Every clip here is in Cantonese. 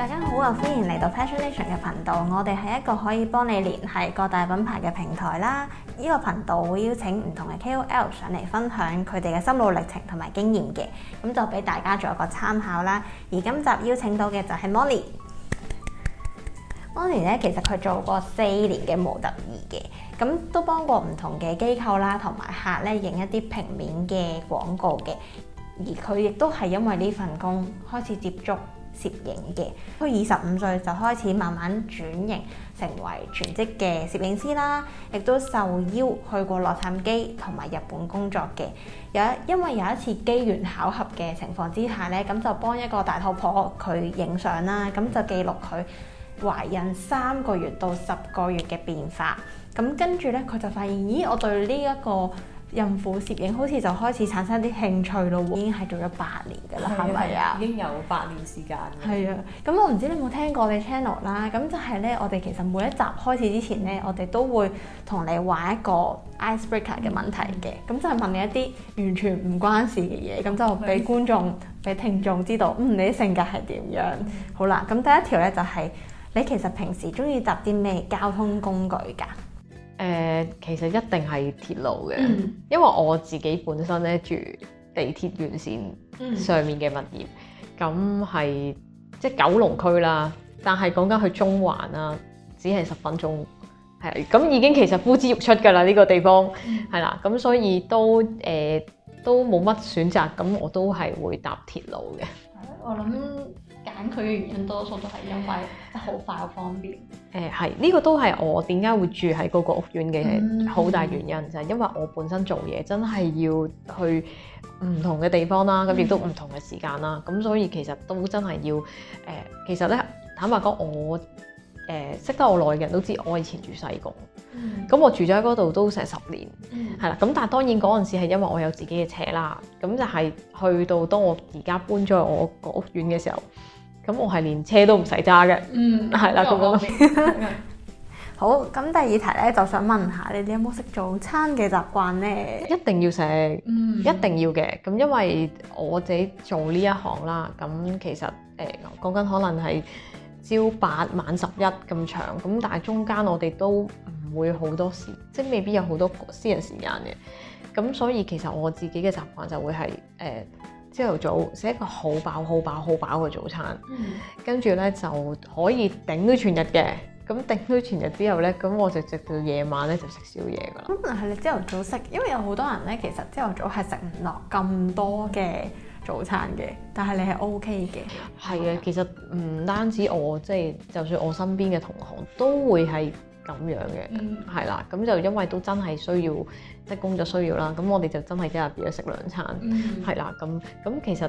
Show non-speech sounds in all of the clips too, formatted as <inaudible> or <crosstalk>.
大家好啊！歡迎嚟到 Passionation 嘅頻道，我哋係一個可以幫你聯繫各大品牌嘅平台啦。呢個頻道會邀請唔同嘅 KOL 上嚟分享佢哋嘅心路歷程同埋經驗嘅，咁就俾大家做一個參考啦。而今集邀請到嘅就係 Moni，Moni 咧其實佢做過四年嘅模特兒嘅，咁都幫過唔同嘅機構啦同埋客咧影一啲平面嘅廣告嘅，而佢亦都係因為呢份工開始接觸。攝影嘅，佢二十五歲就開始慢慢轉型，成為全職嘅攝影師啦。亦都受邀去過洛杉磯同埋日本工作嘅。有因為有一次機緣巧合嘅情況之下呢，咁就幫一個大肚婆佢影相啦，咁就記錄佢懷孕三個月到十個月嘅變化。咁跟住呢，佢就發現咦，我對呢一個孕婦攝影好似就開始產生啲興趣咯喎。已經係做咗八年㗎啦，係咪啊？吧已經有八年時間。係啊，咁我唔知你有冇聽過我哋 channel 啦，咁就係咧，我哋其實每一集開始之前咧，我哋都會同你玩一個 icebreaker 嘅問題嘅，咁就係問你一啲完全唔關事嘅嘢，咁就俾觀眾、俾的聽眾知道，嗯，你啲性格係點樣？嗯、好啦，咁第一條咧就係、是、你其實平時中意搭啲咩交通工具㗎？誒、呃，其實一定係鐵路嘅，嗯、因為我自己本身咧住地鐵沿線上面嘅物業，咁係、嗯、即係九龍區啦。但係講緊去中環啦，只係十分鐘，係咁已經其實呼之欲出㗎啦。呢、這個地方係、嗯、啦，咁所以都誒、呃、都冇乜選擇，咁我都係會搭鐵路嘅。我諗。揀佢嘅原因多數都係因為即係好快好、嗯、方便。誒係呢個都係我點解會住喺嗰個屋苑嘅好大原因，嗯、就係因為我本身做嘢真係要去唔同嘅地方啦，咁、嗯、亦都唔同嘅時間啦，咁、嗯、所以其實都真係要誒、呃。其實咧坦白講，呃、我誒識得我耐嘅人都知，我以前住西貢。咁、嗯、我住咗喺嗰度都成十年，係啦、嗯。咁但係當然嗰陣時係因為我有自己嘅車啦。咁就係去到當我而家搬咗去我個屋苑嘅時候。咁我係連車都唔使揸嘅，嗯，係啦，咁樣好。咁第二題咧，就想問下你哋有冇食早餐嘅習慣呢？一定要食，嗯，一定要嘅。咁因為我自己做呢一行啦，咁其實誒講緊可能係朝八晚十一咁長，咁但係中間我哋都唔會好多時，即係未必有好多私人時間嘅。咁所以其實我自己嘅習慣就會係誒。呃朝頭早食一個好飽、好飽、好飽嘅早餐，跟住、嗯、呢，就可以頂到全日嘅。咁頂到全日之後呢，咁我就直，直到夜晚呢，就食宵夜㗎喇。咁但係你朝頭早食，因為有好多人呢，其實朝頭早係食唔落咁多嘅早餐嘅。但係你係 OK 嘅。係啊的，嗯、其實唔單止我，即係就算我身邊嘅同行都會係。咁樣嘅，係啦，咁就因為都真係需要，即係工作需要啦。咁我哋就真係喺入邊咧食兩餐，係啦，咁咁其實誒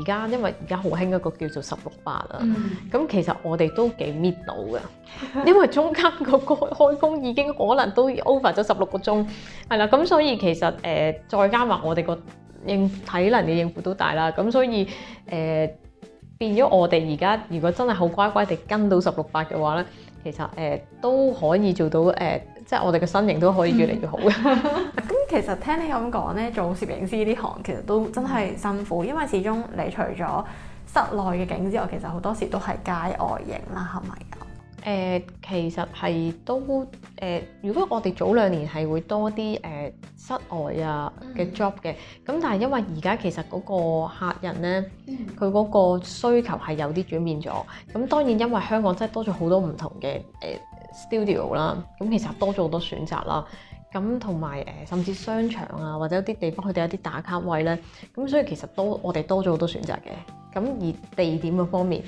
而家因為而家好興一個叫做十六八啊，咁其實我哋都幾搣到嘅，因為中間個開開工已經可能都 over 咗十六個鐘，係啦，咁所以其實誒再加埋我哋個應體能嘅應付都大啦，咁所以誒變咗我哋而家如果真係好乖乖地跟到十六八嘅話咧。其實誒、呃、都可以做到誒、呃，即係我哋嘅身形都可以越嚟越好嘅。咁其實聽你咁講呢，做攝影師呢行其實都真係辛苦，因為始終你除咗室內嘅景之外，其實好多時都係街外影啦，係咪？誒、呃、其實係都誒、呃，如果我哋早兩年係會多啲誒、呃、室外啊嘅 job 嘅，咁、嗯、但係因為而家其實嗰個客人咧，佢嗰個需求係有啲轉變咗。咁當然因為香港真係多咗好多唔同嘅誒、呃、studio 啦，咁其實多咗好多選擇啦。咁同埋誒，甚至商場啊，或者一啲地方佢哋有啲打卡位咧，咁所以其實多我哋多咗好多選擇嘅。咁而地點個方面，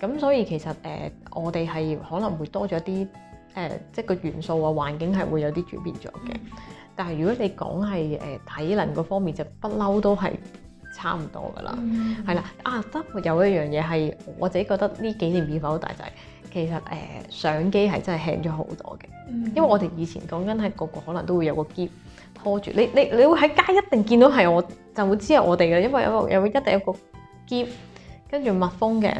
咁所以其實誒、呃，我哋係可能會多咗啲誒，即係個元素啊、環境係會有啲轉變咗嘅。但係如果你講係誒體能個方面就，就不嬲都係差唔多噶啦，係啦。啊得，有一樣嘢係我自己覺得呢幾年變化好大就係、是，其實誒、呃、相機係真係輕咗好多嘅，嗯、因為我哋以前講緊係個個可能都會有個夾拖住，你你你會喺街一定見到係我，就會知係我哋嘅，因為有個有，有，有一定有個夾。跟住密封嘅，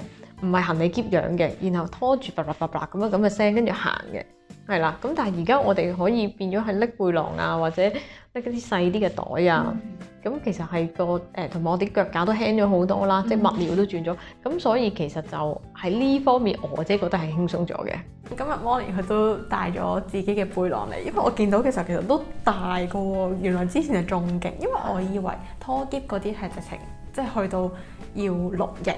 唔係行李篋樣嘅，然後拖住叭叭叭叭咁樣咁嘅聲，跟住行嘅，係啦。咁但係而家我哋可以變咗係拎背囊啊，或者拎嗰啲細啲嘅袋啊。咁、嗯、其實係個誒同埋我啲腳架都輕咗好多啦，即係物料都轉咗。咁、嗯、所以其實就喺呢方面，我自己覺得係輕鬆咗嘅。今日 Moni 佢都帶咗自己嘅背囊嚟，因為我見到嘅時候其實都大過，原來之前係仲勁。因為我以為拖篋嗰啲係直情即係去到。要錄影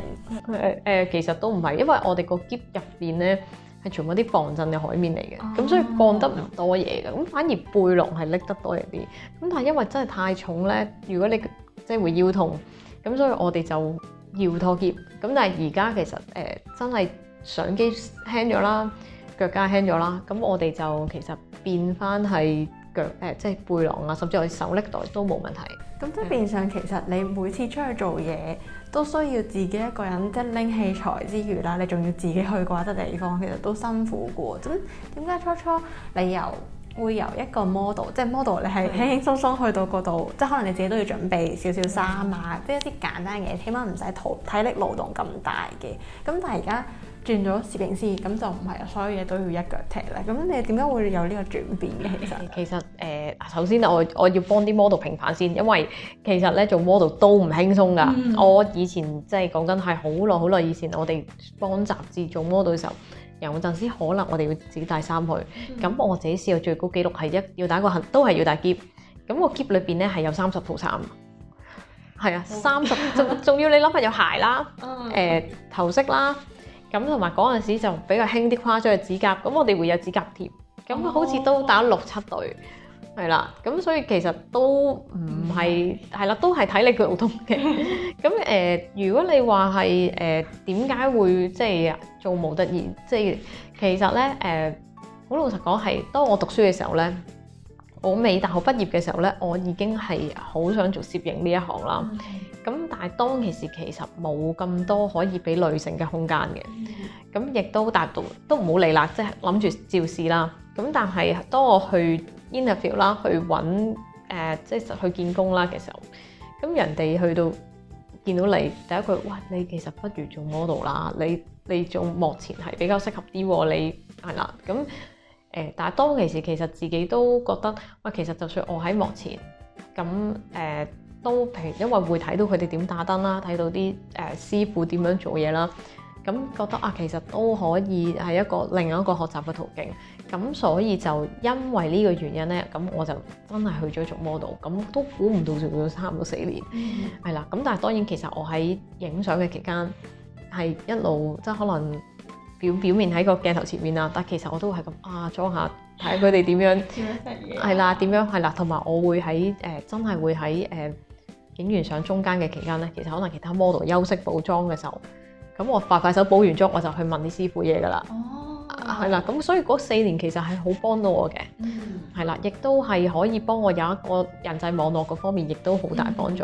誒，其實都唔係，因為我哋個喼入邊咧係全部啲防震嘅海綿嚟嘅，咁、啊、所以放得唔多嘢嘅，咁反而背囊係拎得多啲。咁但係因為真係太重咧，如果你即係會腰痛，咁所以我哋就要拖喼。咁但係而家其實誒、呃、真係相機輕咗啦，腳架輕咗啦，咁、嗯、我哋就其實變翻係腳誒、呃，即係背囊啊，甚至我哋手拎袋都冇問題。咁即係變相其實你每次出去做嘢。都需要自己一個人即係拎器材之餘啦，你仲要自己去過一笪地方，其實都辛苦嘅。咁點解初初你由會由一個 model，即係 model 你係輕輕鬆鬆去到嗰度，即係可能你自己都要準備少少衫啊，即係一啲簡單嘅，起碼唔使體力勞動咁大嘅。咁但係而家。轉咗攝影師，咁就唔係所有嘢都要一腳踢啦。咁你點解會有呢個轉變嘅？其實其實誒，首先我我要幫啲 model 評判先，因為其實咧做 model 都唔輕鬆噶。我以前即係講真係好耐好耐以前，我哋幫雜誌做 model 嘅時候，有陣時可能我哋要自己帶衫去。咁我自己試過最高記錄係一要打個很都係要打結。咁個結裏邊咧係有三十套衫，係啊，三十仲仲要你諗下有鞋啦，誒頭飾啦。咁同埋嗰陣時就比較興啲誇張嘅指甲，咁我哋會有指甲貼，咁好似都打六七對，係啦，咁所以其實都唔係，係啦、嗯，都係睇你個老公嘅。咁誒、 <laughs> 呃，如果你話係誒點解會即係做模特兒，即係其實咧誒，好、呃、老實講係當我讀書嘅時候咧。我未大學畢業嘅時候咧，我已經係好想做攝影呢一行啦。咁、mm hmm. 但係當其時其實冇咁多可以俾女性嘅空間嘅。咁亦、mm hmm. 都達到，都唔好理啦，即係諗住照試啦。咁但係當我去 interview 啦，去揾誒，即、呃、係、就是、去見工啦嘅時候，咁人哋去到見到你第一句，哇！你其實不如做 model 啦，你你做幕前係比較適合啲喎。你係啦，咁。誒，但係當其時其實自己都覺得，哇，其實就算我喺幕前，咁誒、呃、都平，因為會睇到佢哋點打燈啦，睇到啲誒、呃、師傅點樣做嘢啦，咁覺得啊，其實都可以係一個另外一個學習嘅途徑，咁所以就因為呢個原因呢，咁我就真係去咗做 model，咁都估唔到做咗差唔多四年，係啦、嗯，咁但係當然其實我喺影相嘅期間係一路即係可能。表表面喺個鏡頭前面啊，但其實我都係咁啊，裝下睇佢哋點樣，係啦 <laughs> 樣，點樣係啦，同埋我會喺誒、呃、真係會喺誒影完相中間嘅期間咧，其實可能其他 model 休息補妝嘅時候，咁我快快手補完妝，我就去問啲師傅嘢㗎啦，哦，係啦，咁所以嗰四年其實係好幫到我嘅，係啦、嗯，亦都係可以幫我有一個人際網絡嗰方面，亦都好大幫助，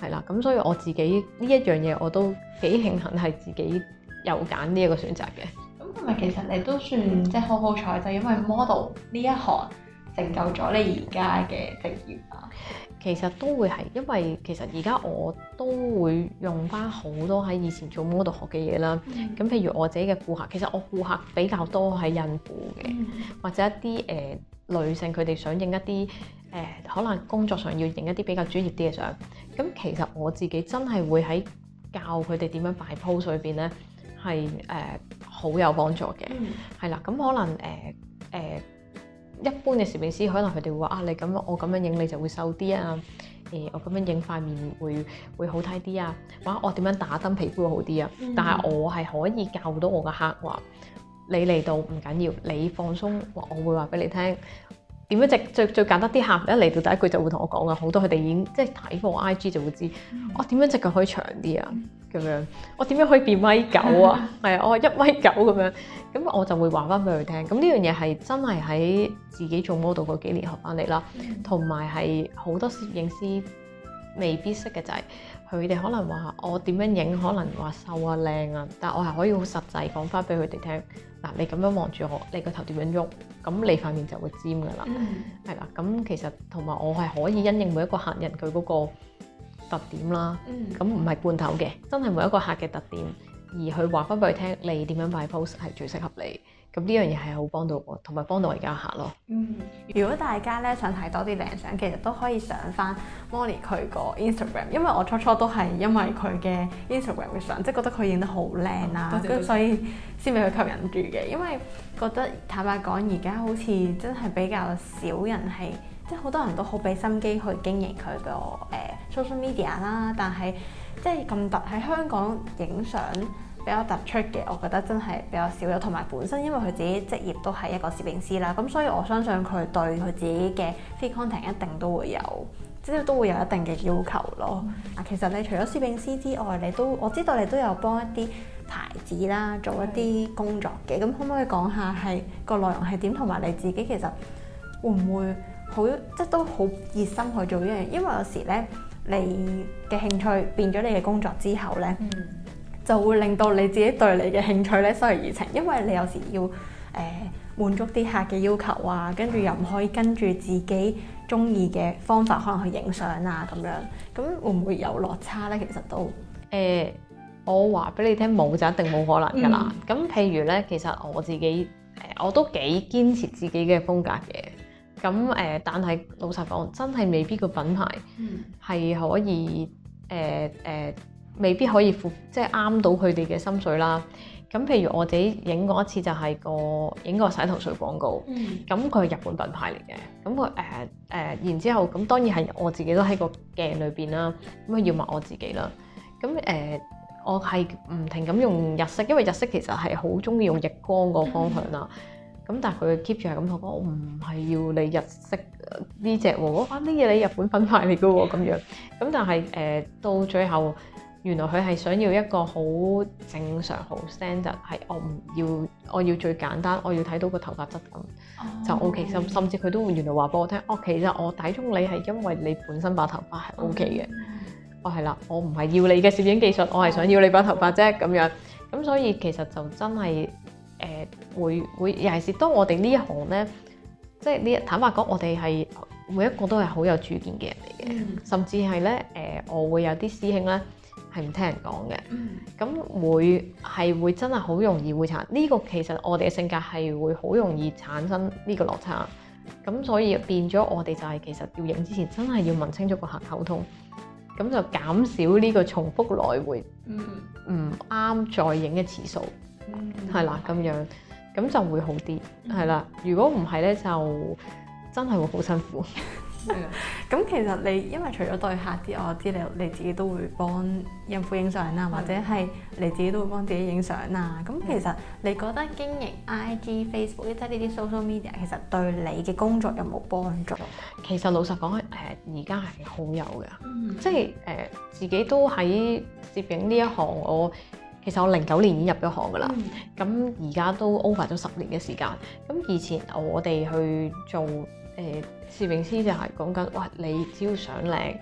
係啦、嗯，咁所以我自己呢一樣嘢我都幾慶幸係自己。又揀呢一個選擇嘅，咁同埋其實你都算即係好好彩，就係、因為 model 呢一行成就咗你而家嘅職業啊。其實都會係，因為其實而家我都會用翻好多喺以前做 model 學嘅嘢啦。咁、嗯、譬如我自己嘅顧客，其實我顧客比較多係孕婦嘅，嗯、或者一啲誒、呃、女性，佢哋想影一啲誒可能工作上要影一啲比較專業啲嘅相。咁其實我自己真係會喺教佢哋點樣擺 pose 裏邊咧。係誒、呃、好有幫助嘅，係啦、嗯，咁、嗯、可能誒誒、呃呃、一般嘅攝影師可能佢哋會話啊，你咁樣我咁樣影你就會瘦啲啊，誒、呃、我咁樣影塊面會會好睇啲啊，或者、啊、我點樣打燈皮膚會好啲啊，嗯、但係我係可以教到我嘅客話，你嚟到唔緊要，你放鬆，我會話俾你聽。點樣直最最簡單啲客一嚟到第一句就會同我講啊！好多佢哋已經即係睇我 I G 就會知，我點、mm hmm. 啊、樣直腳可以長啲啊？咁樣我點樣可以變米九啊？係啊， <laughs> 我一米九咁樣，咁我就會話翻俾佢聽。咁呢樣嘢係真係喺自己做 model 嗰幾年學翻嚟啦，同埋係好多攝影師未必識嘅就係佢哋可能話我點樣影可能話瘦啊靚啊，但我係可以好實際講翻俾佢哋聽。嗱，你咁樣望住我，你個頭點樣喐，咁你塊面就會尖㗎喇，係啦、嗯。咁其實同埋我係可以因應每一個客人佢嗰個特點啦，咁唔係罐頭嘅，真係每一個客嘅特點，而去話翻俾佢聽，你點樣擺 pose 係最適合你。咁呢樣嘢係好幫到我，同埋幫到我而家客咯。嗯，如果大家咧想睇多啲靚相，其實都可以上翻 Moni 佢個 Instagram，因為我初初都係因為佢嘅 Instagram 嘅相，即係覺得佢影得好靚啦，多謝 謝所以先俾佢吸引住嘅。因為覺得坦白講，而家好似真係比較少人係，即係好多人都好俾心機去經營佢個 social media 啦，但係即係咁突喺香港影相，比較突出嘅，我覺得真係比較少有，同埋本身因為佢自己職業都係一個攝影師啦，咁所以我相信佢對佢自己嘅 free content 一定都會有，即係都會有一定嘅要求咯。嗱、嗯，其實你除咗攝影師之外，你都我知道你都有幫一啲牌子啦，做一啲工作嘅。咁對可唔可以講下係個內容係點？同埋你自己其實會唔會好，即都好熱心去做呢樣？因為有時呢，你嘅興趣變咗你嘅工作之後呢。嗯就會令到你自己對你嘅興趣咧失去熱情，因為你有時要誒、呃、滿足啲客嘅要求啊，跟住又唔可以跟住自己中意嘅方法可能去影相啊咁樣，咁會唔會有落差呢？其實都誒，我話俾你聽冇就一定冇可能噶啦。咁、嗯、譬如呢，其實我自己誒我都幾堅持自己嘅風格嘅。咁誒、呃，但係老實講，真係未必個品牌係可以誒誒。嗯呃呃呃未必可以負即係啱到佢哋嘅心水啦。咁譬如我自己影過一次就係個影個洗頭水廣告，咁佢係日本品牌嚟嘅。咁佢，誒、呃、誒、呃，然之後咁當然係我自己都喺個鏡裏邊啦。咁佢要抹我自己啦。咁誒、呃，我係唔停咁用日式，因為日式其實係好中意用逆光個方向啦。咁、嗯、但係佢 keep 住係咁同我講，唔係、嗯、要你日式呢隻喎，啱啲嘢你日本品牌嚟嘅喎咁樣。咁但係誒、呃、到最後。原來佢係想要一個好正常、好 standard，係我唔要，我要最簡單，我要睇到個頭髮質感就、oh, OK。甚至佢都會原來話俾我聽哦，其實，我睇中你係因為你本身把頭髮係 OK 嘅。Oh, okay. 哦，係啦，我唔係要你嘅攝影技術，我係想要你把頭髮啫咁樣。咁所以其實就真係誒、呃、會會，尤其是當我哋呢一行呢，即係呢坦白講，我哋係每一個都係好有主見嘅人嚟嘅。Oh, okay. 甚至係呢，誒、呃，我會有啲師兄呢，係唔聽人講嘅，咁、嗯、會係會真係好容易會產呢、呢個，其實我哋嘅性格係會好容易產生呢個落差，咁、嗯、所以變咗我哋就係其實要影之前真係要問清楚個客溝通，咁就減少呢個重複來回唔啱、嗯、再影嘅次數，係啦咁樣，咁就會好啲，係啦。如果唔係呢，就真係會好辛苦。 <laughs> 咁 <laughs> 其實你因為除咗對客之外，我知你，你你自己都會幫孕婦影相啦，嗯、或者係你自己都會幫自己影相啊。咁、嗯、其實你覺得經營 I G、Facebook 即係呢啲 social media，其實對你嘅工作有冇幫助？其實老實講，誒、呃，而家係好有噶，嗯、即係誒、呃，自己都喺攝影呢一行，我其實我零九年已經入咗行噶啦，咁而家都 over 咗十年嘅時間。咁以前我哋去做。誒攝影師就係講緊，哇！你只要想靚，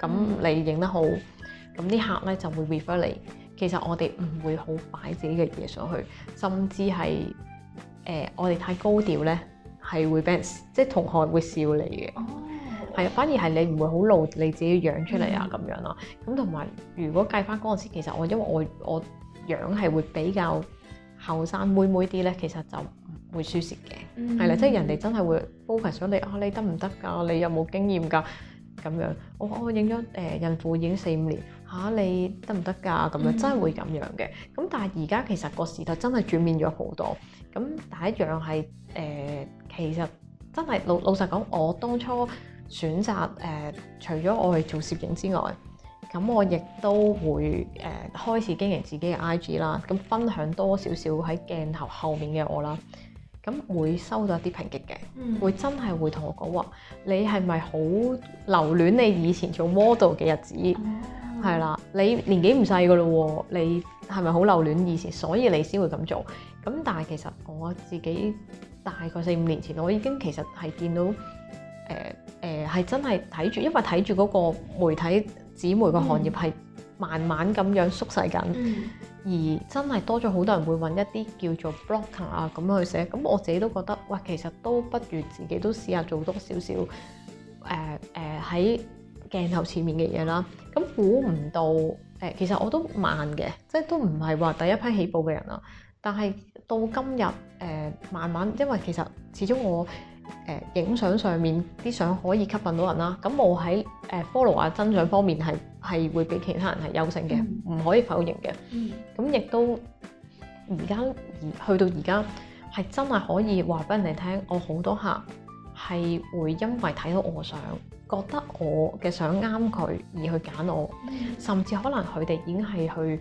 咁你影得好，咁啲客咧就會 refer 你。其實我哋唔會好擺自己嘅嘢上去，甚至係誒、呃、我哋太高調咧，係會俾人即同學會笑你嘅。係啊、哦，反而係你唔會好露你自己樣出嚟啊咁樣咯。咁同埋如果計翻嗰陣時，其實我因為我我，我樣係會比較後生妹妹啲咧，其實就。會輸蝕嘅，係啦、mm hmm.，即係人哋真係會 focus 咗你啊！你得唔得㗎？你有冇經驗㗎、啊？咁樣、哦、我我影咗誒孕婦影四五年，嚇、啊、你得唔得㗎？咁樣、mm hmm. 真係會咁樣嘅。咁但係而家其實個時代真係轉變咗好多。咁第一樣係誒、呃，其實真係老老實講，我當初選擇誒、呃，除咗我去做攝影之外，咁我亦都會誒、呃、開始經營自己嘅 IG 啦，咁分享多少少喺鏡頭後面嘅我啦。咁會收到一啲抨擊嘅，嗯、會真係會同我講話，你係咪好留戀你以前做 model 嘅日子？係啦、哦，你年紀唔細噶咯喎，你係咪好留戀以前？所以你先會咁做。咁但係其實我自己大概四五年前，我已經其實係見到誒誒係真係睇住，因為睇住嗰個媒體姊妹個行業係慢慢咁樣縮細緊。嗯嗯而真係多咗好多人會揾一啲叫做 blocker 啊，咁樣去寫，咁我自己都覺得，哇，其實都不如自己都試下做多少少誒誒喺鏡頭前面嘅嘢啦。咁估唔到誒、呃，其實我都慢嘅，即係都唔係話第一批起步嘅人啦。但係到今日誒、呃，慢慢因為其實始終我誒影相上面啲相可以吸引到人啦。咁我喺誒 follow 啊增長方面係。係會比其他人係優勝嘅，唔、嗯、可以否認嘅。咁亦、嗯、都而家而去到而家係真係可以話俾人哋聽，我好多客係會因為睇到我相，覺得我嘅相啱佢而去揀我，嗯、甚至可能佢哋已經係去誒誒、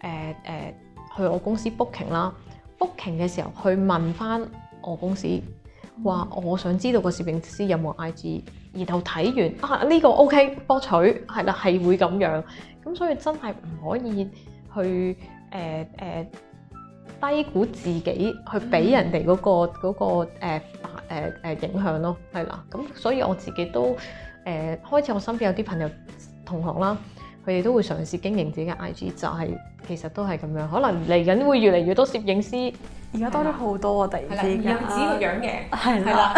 呃呃、去我公司 booking 啦，booking 嘅時候去問翻我公司，話我想知道個攝影師有冇 IG。然後睇完啊，呢、這個 OK，博取係啦，係會咁樣。咁所以真係唔可以去誒誒、呃呃、低估自己去俾人哋、那、嗰個嗰、嗯那個誒、呃呃、影響咯，係啦。咁所以我自己都誒、呃、開始，我身邊有啲朋友同學啦。佢哋都會嘗試經營自己嘅 IG，就係、是、其實都係咁樣，可能嚟緊會越嚟越多攝影師。而家多咗好多啊！突然之間，攝影的子嘅樣嘅，係啦，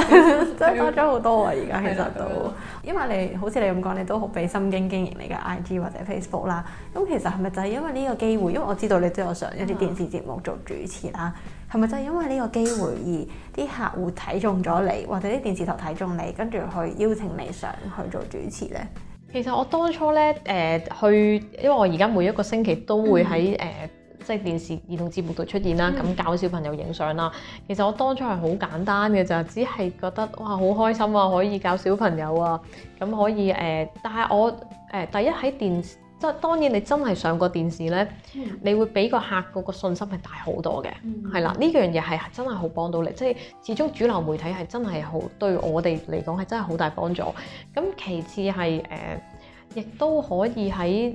真係多咗好多啊！而家其實都因為你好似你咁講，你都好俾心經經營你嘅 IG 或者 Facebook 啦。咁其實係咪就係因為呢個機會？嗯、因為我知道你都有上一啲電視節目做主持啦。係咪、嗯、就係因為呢個機會而啲客戶睇中咗你，嗯、或者啲電視台睇中你，跟住去邀請你上去做主持呢？其實我當初呢，誒、呃、去，因為我而家每一個星期都會喺誒、嗯呃，即係電視兒童節目度出現啦，咁教、嗯、小朋友影相啦。其實我當初係好簡單嘅啫，只係覺得哇，好開心啊，可以教小朋友啊，咁可以誒、呃。但係我誒、呃、第一喺電。即當然，你真係上過電視咧，嗯、你會俾個客個信心係大好多嘅，係啦、嗯，呢樣嘢係真係好幫到你。即係始終主流媒體係真係好對我哋嚟講係真係好大幫助。咁其次係誒、呃，亦都可以喺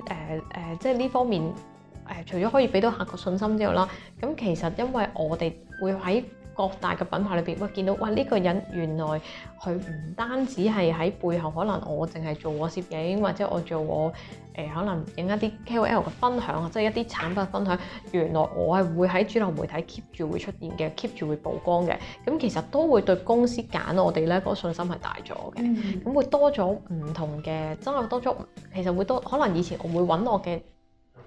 誒誒，即係呢方面誒、呃，除咗可以俾到客個信心之外啦，咁其實因為我哋會喺。各大嘅品牌裏邊，哇！見到哇！呢個人原來佢唔單止係喺背後，可能我淨係做我攝影，或者我做我誒、呃、可能影一啲 KOL 嘅分享，即係一啲產品分享。原來我係會喺主流媒體 keep 住會出現嘅，keep 住會曝光嘅。咁其實都會對公司揀我哋咧嗰個信心係大咗嘅。咁、mm hmm. 會多咗唔同嘅，真係多咗。其實會多，可能以前我會揾我嘅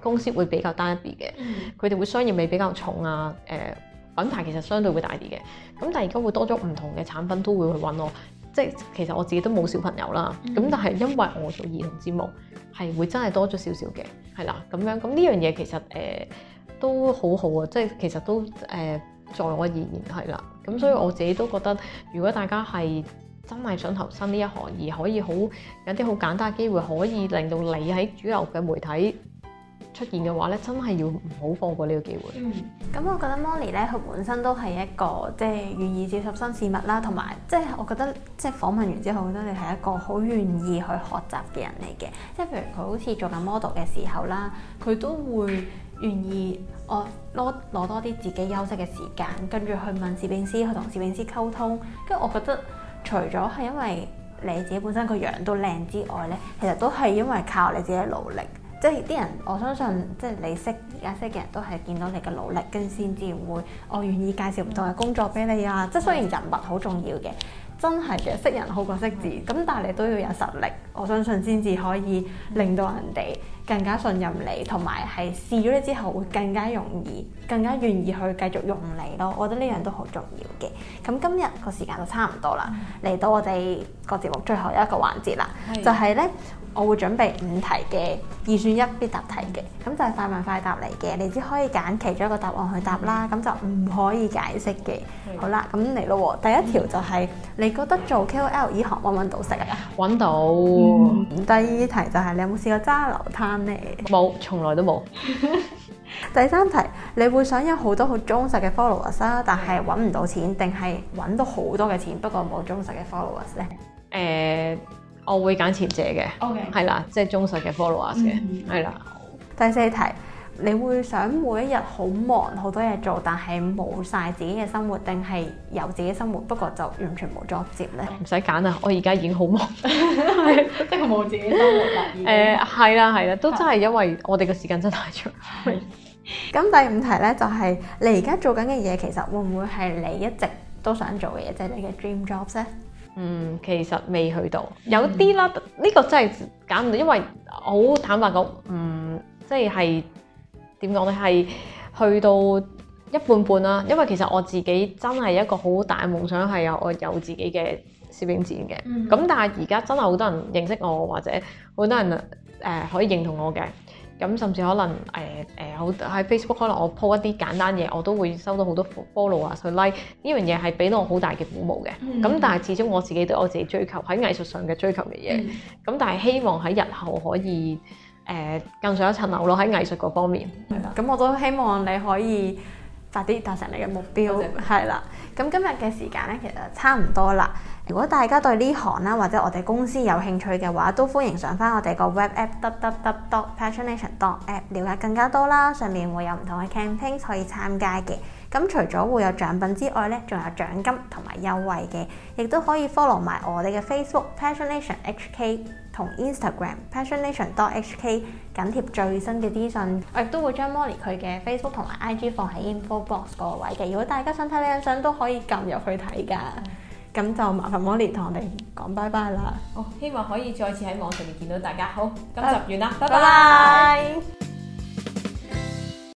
公司會比較單一啲嘅，佢哋、mm hmm. 會商業味比較重啊，誒、呃。品牌其實相對會大啲嘅，咁但係而家會多咗唔同嘅產品都會去揾我，即係其實我自己都冇小朋友啦，咁、嗯、但係因為我做兒童節目，係會真係多咗少少嘅，係啦，咁樣咁呢樣嘢其實誒、呃、都好好啊，即係其實都誒、呃、在我而言係啦，咁所以我自己都覺得，如果大家係真係想投身呢一行，而可以好有啲好簡單嘅機會，可以令到你喺主流嘅媒體，出現嘅話咧，真係要唔好放過呢個機會。嗯，咁我覺得 Moni 咧，佢本身都係一個即係、就是、願意接受新事物啦，同埋即係我覺得即係、就是、訪問完之後，我覺得你係一個好願意去學習嘅人嚟嘅。即、就、係、是、譬如佢好似做緊 model 嘅時候啦，佢都會願意哦攞攞多啲自己休息嘅時間，跟住去問攝影師，去同攝影師溝通。跟住我覺得，除咗係因為你自己本身個樣都靚之外咧，其實都係因為靠你自己努力。即係啲人，我相信即係你識而家識嘅人都係見到你嘅努力，跟先至會我願意介紹唔同嘅工作畀你啊！即係雖然人物好重要嘅，真係嘅識人好過識字，咁但係你都要有實力，我相信先至可以令到人哋。更加信任你，同埋係試咗你之後會更加容易，更加願意去繼續用你咯。我覺得呢樣都好重要嘅。咁今日個時間就差唔多啦，嚟、嗯、到我哋個節目最後一個環節啦，是就係呢：我會準備五題嘅二選一必答題嘅，咁就係快問快答嚟嘅，你只可以揀其中一個答案去答啦，咁就唔可以解釋嘅。是好啦，咁嚟咯，第一條就係、是、你覺得做 KOL 依行揾唔揾到食啊？揾到、嗯。第二題就係、是、你有冇試過揸流攤？冇，從來都冇。 <laughs> 第三題，你會想有好多好忠實嘅 followers 啊，但係揾唔到錢，定係揾到好多嘅錢，不過冇忠實嘅 followers 呢？誒、呃，我會揀前者嘅。OK。係啦，即係忠實嘅 followers 嘅。係啦，嗯哼，第四題。你會想每一日好忙好多嘢做，但係冇晒自己嘅生活，定係有自己生活，不過就完全冇作接咧？唔使揀啦，我而家已經好忙，即係冇自己生活啦。誒，係啦係啦，都真係因為我哋嘅時間真係太長。咁第五題咧，就係你而家做緊嘅嘢，其實會唔會係你一直都想做嘅嘢，即係你嘅 dream jobs 咧？ <laughs> 嗯，其實未去到，嗯、有啲啦，呢、呢個真係揀唔到，因為好坦白講，嗯，即係。點講咧，係去到一半半啦，因為其實我自己真係一個好大夢想係有我有自己嘅攝影展嘅。咁、mm hmm. 但係而家真係好多人認識我，或者好多人誒、呃、可以認同我嘅。咁甚至可能誒誒、呃、好喺、呃、Facebook 可能我 po 一啲簡單嘢，我都會收到好多 follow fo 啊去 like。呢樣嘢係俾到我好大嘅鼓舞嘅。咁、mm hmm. 但係始終我自己都有自己追求喺藝術上嘅追求嘅嘢。咁、mm hmm. 但係希望喺日後可以。誒更上一層樓咯，喺藝術嗰方面。咁、嗯嗯、我都希望你可以快啲達成你嘅目標，係啦謝謝。咁今日嘅時間咧，其實差唔多啦。如果大家對呢行啦，或者我哋公司有興趣嘅話，都歡迎上翻我哋個 web app dot dot dot passionation dot app 了解更加多啦。上面會有唔同嘅 campaign 可以參加嘅。咁除咗會有獎品之外咧，仲有獎金同埋優惠嘅，亦都可以 follow 埋我哋嘅 Facebook Passionation HK。同 Instagram Passionation.hk 緊貼最新嘅資訊，我亦都會將 Moni 佢嘅 Facebook 同埋 IG 放喺 Info Box 個位嘅。如果大家想睇靚相都可以撳入去睇㗎。咁、嗯、就麻煩 Moni 同我哋講拜拜啦。哦，希望可以再次喺網上面見到大家。好，今日完啦，呃、拜拜。拜拜拜拜。